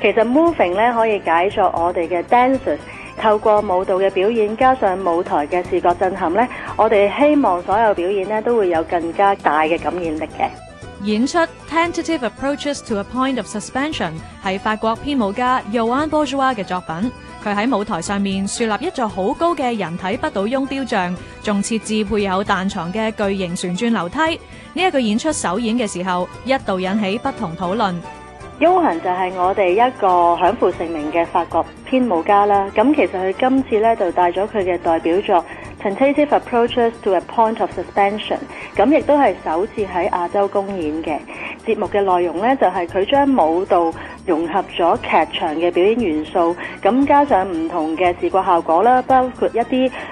其實 moving 咧可以解作我哋嘅 dancers，透過舞蹈嘅表演加上舞台嘅視覺震撼咧，我哋希望所有表演都會有更加大嘅感染力嘅演出。Tentative Approaches to a Point of Suspension 係法國編舞家 Yoann Bourgeois 嘅作品，佢喺舞台上面樹立一座好高嘅人體不倒翁雕像，仲設置配有彈床嘅巨型旋轉樓梯。呢一個演出首演嘅時候一度引起不同討論。優行就係我哋一個享負盛名嘅法國編舞家啦，咁其實佢今次咧就帶咗佢嘅代表作《Tentative Approaches to a Point of Suspension》，咁亦都係首次喺亞洲公演嘅。節目嘅內容咧就係佢將舞蹈融合咗劇場嘅表演元素，咁加上唔同嘅視覺效果啦，包括一啲。